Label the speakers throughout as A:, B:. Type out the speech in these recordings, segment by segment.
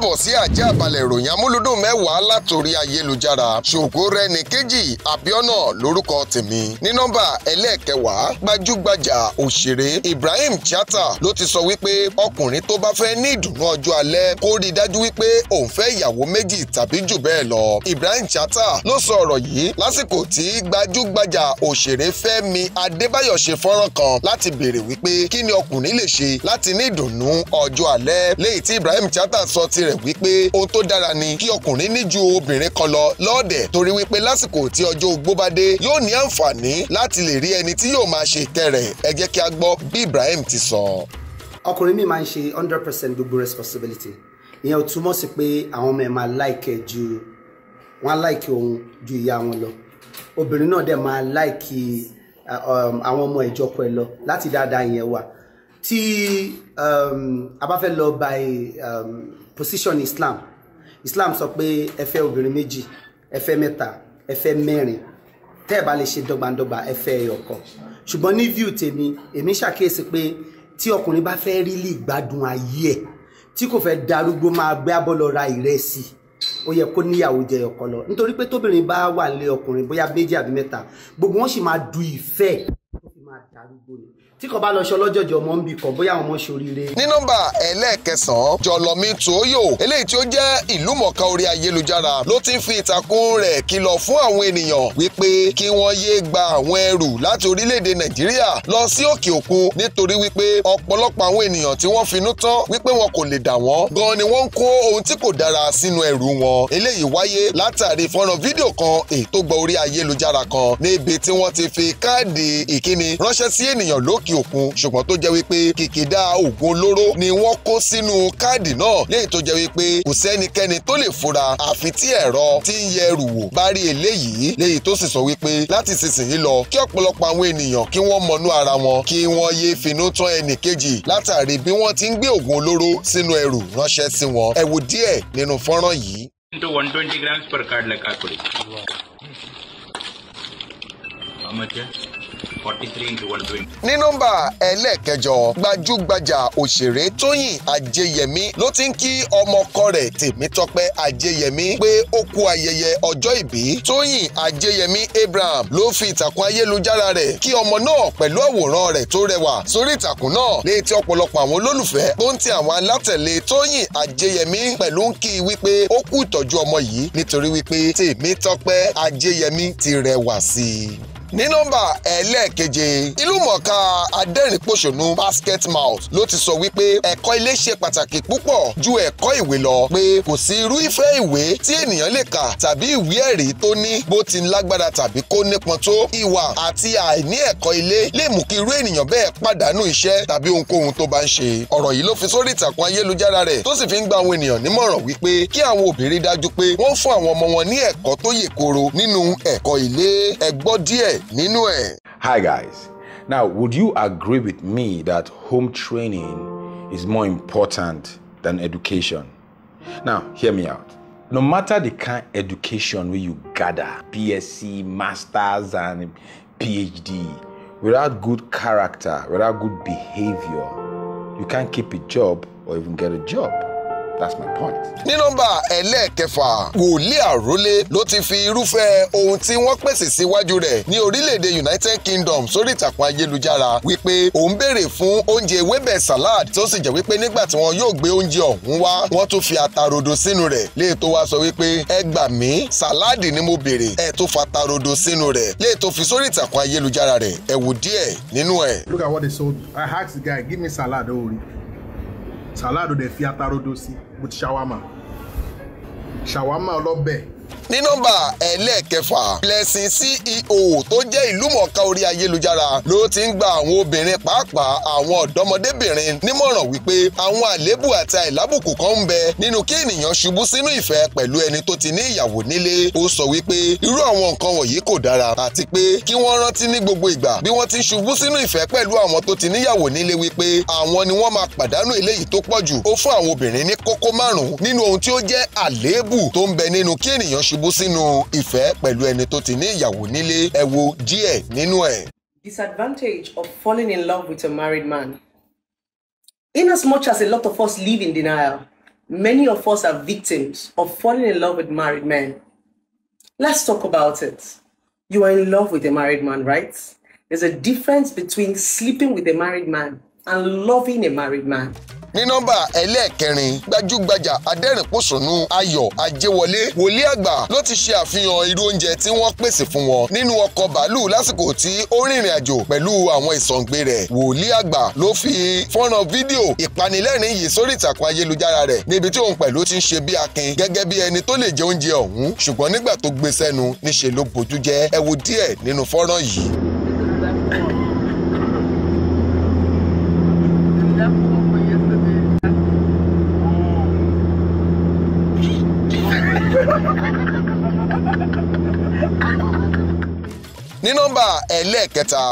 A: káàbọ̀ sí àjẹ́ àbálẹ̀ ìròyìn amúlùdùn mẹ́wàá látòrí ayélujára ṣògo rẹni kejì abiona lórúkọ tèmi ní nọ́mbà ẹlẹ́ẹ̀kẹwàá gbajúgbajà òṣèré Ibrahim Chatta ló ti sọ wípé ọkùnrin tó bá fẹ́ ní ìdùnnú ọjọ́ alẹ́ kó rí i dájú wípé òun fẹ́ ìyàwó méjì tàbí jù bẹ́ẹ̀ lọ Ibrahim Chatta ló sọ ọ̀rọ̀ yìí lásìkò tí gbajúgbajà òṣèré Fẹ́mi Adébáyọ̀ ṣe fọ́nrán kan láti béèrè wípé kí ni ọkùnrin lè ṣe láti ní ìdùnnú ọjọ́ alẹ́ léyìí tí Ibrahim Chatta sọ tirẹ̀ rẹ̀ wípé ohun tó dára ni kí ọkùnrin ní ju obìnrin kan lọ lọ́ọ̀dẹ̀ torí wípé lásìkò tí ọjọ́ ogbó bá dé yóò ní àǹfààní láti lè rí ẹni tí yóò máa ṣe ìtẹ́ rẹ̀ ẹ jẹ́ kí a gbọ́ bí Ibrahim ti sọ. ọkùnrin mi máa ń ṣe hundred percent gbogbo responsibility ìyẹn ò túmọ̀ sí pé àwọn ọmọ ẹ̀ máa láìkẹ́ ju wọn láìkẹ́ òun ju ìyá wọn lọ obìnrin náà dẹ̀ máa láìkẹ́ uh, um, àwọn ọmọ ìjọkọ ẹ̀ lọ láti dáadáa ìyẹn wà tí um, a bá fẹ́ lọ by um, position Islam Islam sọ pé ẹ fẹ́ obìnrin méjì ẹ fẹ́ mẹ́ta ẹ fẹ́ mẹ́rin tẹ́ ẹ bá lè ṣe dọ́gbandọ́gba ẹ fẹ́ ẹyọ kan ṣùgbọ́n ní view tèmi èmi ṣàkíyèsí pé tí ọkùnrin bá fẹ́ rílì gbádùn ayé ẹ̀ tí kò fẹ́ darúgbó máa gbé abọ́ lọ ra ìrẹsì ó yẹ kó níyàwó jẹ ọkọ lọ nítorí pé tóbìnrin bá wà nílé ọkùnrin bóyá méjì àbí mẹ́ta gbogbo wọn sì máa du ìfẹ́ máa darúgbó ni. tí kò bá lọ ṣe ọlọ́jọ̀jọ̀ ọmọ ń bi kọ̀ bóyá ọmọ ṣoríire. ní nọ́mbà ẹlẹ́ẹ̀kẹsàn-án jọ̀lọ̀mí tòóyò eléyìí tí ó jẹ́ ìlúmọ̀ọ́ká orí ayélujára ló ti ń fi ìtàkùn rẹ̀ kìlọ̀ fún àwọn ènìyàn wípé kí wọ́n yéé gba àwọn ẹrù láti orílẹ̀-èdè nàìjíríà lọ sí òkè òkun nítorí wípé ọ̀pọ̀lọpọ̀ àwọn ènìyàn tí wọ́n finú tán wípé wọn kò lè dà wọ́n ránṣẹ́ sí ènìyàn lókè òkun ṣùgbọ́n tó jẹ́ wípé kìkìdá oògùn olóró ni wọ́n kó sínú káàdì náà léyìí tó jẹ́ wípé kò sẹ́nikẹ́ni tó lè fura àfi tí ẹ̀rọ tí ń yẹ ẹrù wò bá rí eléyìí léyìí tó sì sọ wípé láti sísìnyí lọ kí ọ̀pọ̀lọpọ̀ àwọn ènìyàn kí wọ́n mọnú ara wọn kí wọ́n yéé finú tán ẹnì kejì látàrí bí wọ́n ti ń gbé oògùn olóró sínú ẹrù ránṣẹ́ sí wọn ẹ wo díẹ̀ nínú fọ́nrán yìí. into one twenty grams per card like I put How much? ní nọ́mbà ẹlẹ́ẹ̀kẹjọ gbajúgbajà òṣèré tóyìn ajẹyẹmí ló ti ń kí ọmọkọ rẹ̀ tèmítọ́pẹ́ ajẹyẹmí pé ó kú ayẹyẹ ọjọ́ ìbí tóyìn ajẹyẹmí abraham ló fi ìtàkùn ayélujára rẹ̀ kí ọmọ náà pẹ̀lú àwòrán rẹ̀ tó rẹwà sórí ìtàkùn náà létí ọ̀pọ̀lọpọ̀ àwọn olólùfẹ́ tó ń ti àwọn alátẹ̀lé tóyìn ajẹyẹmí pẹ̀lú ń kí wípé ó kú ìtọ́jú ọmọ yìí nítorí wípé tèmítọ́pẹ́ ajẹyẹmí ti rẹwà sí i ní nọ́mbà ẹlẹ́ẹ̀keje ìlúmọ̀ọ́ká adẹ́rìnpòṣónú basket mouth ló ti sọ wípé ẹ̀kọ́ ilé ṣe pàtàkì púpọ̀ ju ẹ̀kọ́ ìwé lọ pé kò sí irú ìfẹ́ ìwé tí ènìyàn lè kà tàbí ìwé ẹ̀rí tó ní bó ti lágbára tàbí kó nípọn tó ìwà àti àìní ẹ̀kọ́ ilé lè mú kí irú ènìyàn bẹ́ẹ̀ pàdánù iṣẹ́ tàbí ohunkóhun tó bá ń ṣe ọ̀rọ̀ yìí ló fi sórí ìtàkùn ayélujára rẹ̀ tó sì fi ń gba àwọn ènìyàn nímọ̀ràn wípé kí àwọn òbí rí dájú pé wọ́n fún àwọn ọmọ wọn ní ẹ̀kọ́ tó yè kooro nínú ẹ̀kọ́ ilé ẹ díẹ̀ nínú ẹ̀. Hi guys. Now, would you agree with me that home training is more important than education? Now, hear me out. No matter the kind of education wey you gather, BSc, masters and PhD, without good character, without good behavior, you can't keep a job or even get a job. that's my point. ní nọ́mbà ẹlẹ́ẹ̀kẹfà wòlíì àrólé ló ti fi irúfẹ́ ohun tí wọ́n pèsè síwájú rẹ̀ ní orílẹ̀-èdè United Kingdom sórí ìtàkùn ayélujára wípé òun béèrè fún oúnjẹ ewébẹ̀ salad tó sì jẹ́ wípé nígbà tí wọn yóò gbé oúnjẹ ọ̀hún wá wọ́n tún fi àtàròdò sínú rẹ̀ léètò wa sọ wípé ẹ gbà mí sàláàdì ni mo béèrè ẹ tó fa àtàròdò sínú rẹ̀ léètò fi sórí ìtàkùn ayélujára rẹ̀ ẹ wò díẹ̀ nínú ẹ̀. Look at what they sold. I asked the guy, give me salad oori. Salad o dey fi àtàròdò sí. Si with shawarma shawarma ọlọ́bẹ̀ ní nọ́mbà ẹlẹ́ẹ̀kẹfà Blessing CEO tó jẹ́ ìlúmọ̀ọ́ká orí ayélujára ló ti ń gba àwọn obìnrin pàápàá àwọn ọ̀dọ́mọdébìnrin nímọ̀ràn wípé àwọn àléébù àti àìlábùkù kan ń bẹ nínú kí ènìyàn ṣubú sínú ìfẹ́ pẹ̀lú ẹni tó ti ní ìyàwó nílé ó sọ wípé irú àwọn nǹkan wọ̀nyí kò dára àti pé kí wọ́n rántí ní gbogbo ìgbà bí wọ́n ti ń ṣubú sínú ìfẹ́ pẹ̀lú àwọn tó ti níyàwó nílé wípé àwọn ni wọ́n máa pàdánù eléyìí tó pọ̀ jù ó fún àwọn obìnrin ní kókó márùn-ún nínú ohun tí ó jẹ́ àléébù tó ń bẹ nínú kí ènìyàn ṣ ṣubú sínú ìfẹ́ pẹ̀lú ẹni tó ti ní ìyàwó nílé ẹ wo díẹ̀ nínú ẹ̀. Disadvantage of falling in love with a married man. In as much as a lot of us live in denial, many of us are victims of falling in love with married men. Let's talk about it. You are in love with a married man, right? There's a difference between sleeping with a married man and loving a married man ní nọ́mbà ẹlẹ́ẹ̀kẹrin gbajúgbajà adẹ́rìnpòṣónú ayọ̀ ajẹ́wọlé wòlíì àgbà ló ti ṣe àfihàn irú oúnjẹ tí wọ́n pèsè fún wọn nínú ọkọ̀ bàálù lásìkò tí ó rìnrìn àjò pẹ̀lú àwọn ìsọ̀ǹgbẹ rẹ̀ wòlíì àgbà ló fi fọ́nrán fídíò ìpanilẹ́rìn yìí sórí ìtàkùn ayélujára rẹ̀ níbi tí òun pẹ̀lú ti ń ṣe bí akin gẹ́gẹ́ bí ẹni tó lè jẹ oúnjẹ ọ̀hún ṣùgbọ́n nígbà tó gbé sẹ́nu níṣe ló bójú jẹ́ ẹ wo díẹ̀ nínú fọ́nrán yìí. ní nọ́mbà ẹlẹ́ẹ̀kẹta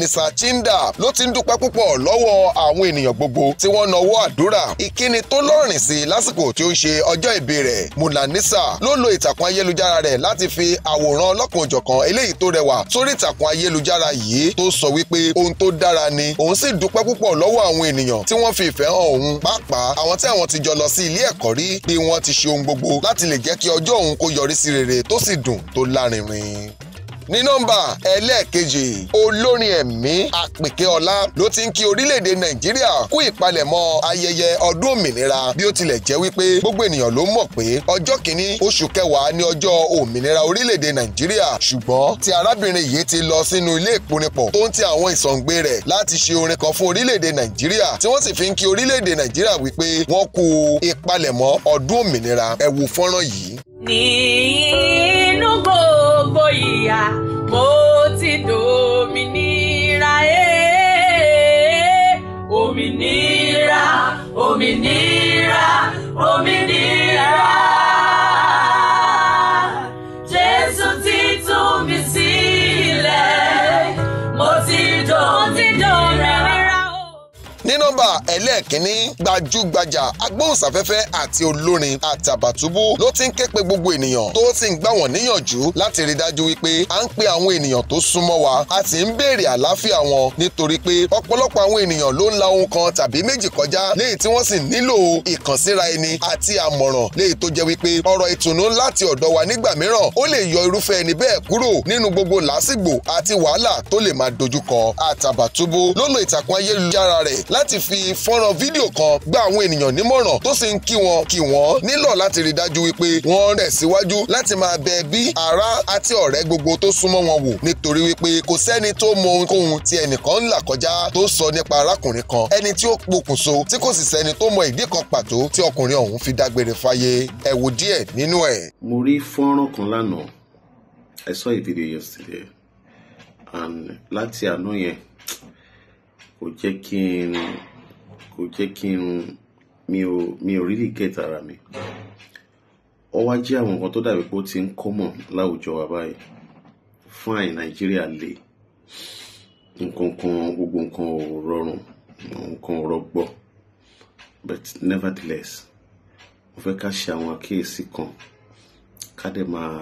A: nisa chinda ló ti ń dúpẹ́ púpọ̀ lọ́wọ́ àwọn ènìyàn gbogbo tí wọ́n nawọ́ àdúrà ìkíni tó lọ́rìn sí lásìkò tí ó ń ṣe ọjọ́ ìbí rẹ̀ monanisa ló lo ìtàkùn ayélujára rẹ̀ láti fi àwòrán ọlọ́kan-ò-jọ̀kan eléyìí tó rẹwà sórí ìtàkùn ayélujára yìí tó sọ wípé ohun tó dára ni òun sì dúpẹ́ púpọ̀ lọ́wọ́ àwọn ènìyàn tí wọ́n fi ìfẹ́ hàn òun pàápàá àwọn tí àwọn ti jọ lọ sí ilé ẹ̀kọ́ rí bí wọ́n ti ṣe ohun gbogbo láti lè jẹ́ kí ọjọ́ òun kó yọrí sí rere tó sì dùn tó lárinrin ní nọ́mbà ẹlẹ́ẹ̀kejì olórin ẹ̀mí àpèkéọlá ló ti ń kí orílẹ̀-èdè nàìjíríà kú ìpalẹ̀mọ́ ayẹyẹ ọdún òmìnira bí ó tilẹ̀ jẹ́ wípé gbogbo ènìyàn ló mọ̀ pé ọjọ́ kìíní oṣù kẹwàá ní ọjọ́ òmìnira orílẹ̀-èdè nàìjíríà ṣùgbọ́n tí arábìnrin yìí ti lọ sínú ilé ìponipọ̀ tó ń ti àwọn ìsọ̀ǹgbé rẹ̀ láti ṣe orin kan fún orílẹ̀-èdè nàìjíríà tí wọ́n sì fi ń kí orílẹ̀-èdè nàìjíríà wípé wọ́n kú ìpalẹ̀mọ́ ọdún òmìnira ẹ fọ́nrán yìí. nínú gbòò gbogbo ìyà mo ti dòmìnira eh. òmìnira òmìnira òmìnira. nọ́mbà ẹlẹ́ẹ̀kínní gbajúgbajà agbóhùnsáfẹ́fẹ́ àti olórin àtàbàtúbú ló ti ń ké pe gbogbo ènìyàn tó ti ń gbà wọ́n níyànjú láti rí dájú wípé à ń pe àwọn ènìyàn tó súnmọ́ wa a sì ń béèrè àlàáfíà wọn nítorí pé ọ̀pọ̀lọpọ̀ àwọn ènìyàn ló ń la ohun kan tàbí méjì kọjá léyìí tí wọ́n sì nílò ìkànsíra ẹni àti àmọ̀ràn léyìí tó jẹ́ wípé ọ̀rọ̀ ìtùnú láti ọ̀dọ̀ wa nígbà mìíràn ó lè yọ irúfẹ́ ẹni bẹ́ẹ̀ kúrò nínú gbogbo làásìgbò àti wàhálà tó lè máa dojúkọ àtàbàtúbú ló lo ìtàkùn ayélujára rẹ̀ láti fi fọ́nrán fídíò kan gba àwọn ènìyàn nímọ̀ràn tó sì ń kí wọn kí wọn nílò láti rí dájú wípé wọ́n rẹ̀ síwájú láti máa bẹ bí ará àti ọ̀rẹ́ gbogbo tó súnmọ́ wọn wò nítorí wípé kò sẹ́ni tó mọ ohunkóhun tí ẹnìkan ń là kọjá tó sọ nípa arákùnrin kan ẹni tí ó pokùnso tí kò sì sẹ́ni tó mọ ìdí kan pàtó tí ọkùnrin ọ̀hún fi dágbére fáyé ẹ wo díẹ̀ nínú ẹ̀. mo rí fọ́nrán kan lánàá I saw a video yesterday and láti àná yẹn kò jẹ́ kí n kò jẹ́ kí n mi ò mi ò really get ara mi ó wá jẹ́ àwọn nǹkan tó dàbí pé ó ti ń common láwùjọ wa báyìí fine nàìjíríà le nǹkan kan gbogbo nǹkan ò rọrùn nǹkan ò rọgbọ but nevertheless mo fẹ́ ká ṣe àwọn àkíyèsí kan ká dẹ̀ máa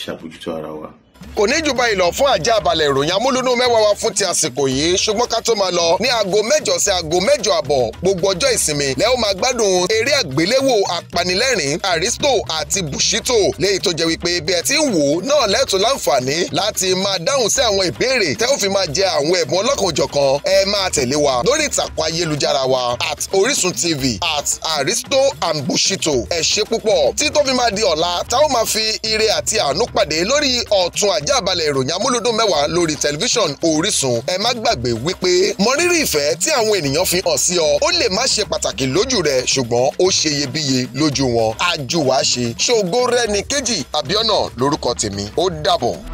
A: ṣàbójútó ara wa kò ní jù báyìí lọ fún àjà àbálẹ̀ ìròyìn amúlùnú mẹ́wàá wa fún ti àsìkò yìí ṣùgbọ́n ká tó máa lọ ní aago mẹ́jọ sí aago mẹ́jọ àbọ̀ gbogbo ọjọ́ ìsinmi lẹ́ ó máa gbádùn eré àgbéléwò apanilẹ́rìn Aristo àti Bushito léyìí tó jẹ́ wípé bí ẹ ti ń wò ó náà lẹ́tọ̀ọ́ láǹfààní láti máa dáhùn sí àwọn ìbéèrè tẹ́ ó fi máa jẹ àwọn ẹ̀bùn ọlọ́kanòjọ̀kan ẹ máa tẹ̀lé wa lórí ìtàkùn TV at Aristo and Bushito ẹ ṣé púpọ̀ tí tó fi máa di ọ̀la tá ó máa fi àjàbalẹ̀ ìròyìn amúlùdùn mẹ́wàá lórí tẹlifíṣàn Orísun ẹ má gbàgbé wípé mọrírì ìfẹ́ tí àwọn ènìyàn fi hàn sí ọ ó lè má ṣe pàtàkì lójú rẹ ṣùgbọ́n ó ṣe iyebíye lójú wọn ajú wàá ṣe ṣògo rẹ ní kejì Àbíọ́nà lórúkọ tèmi ó dàbọ̀.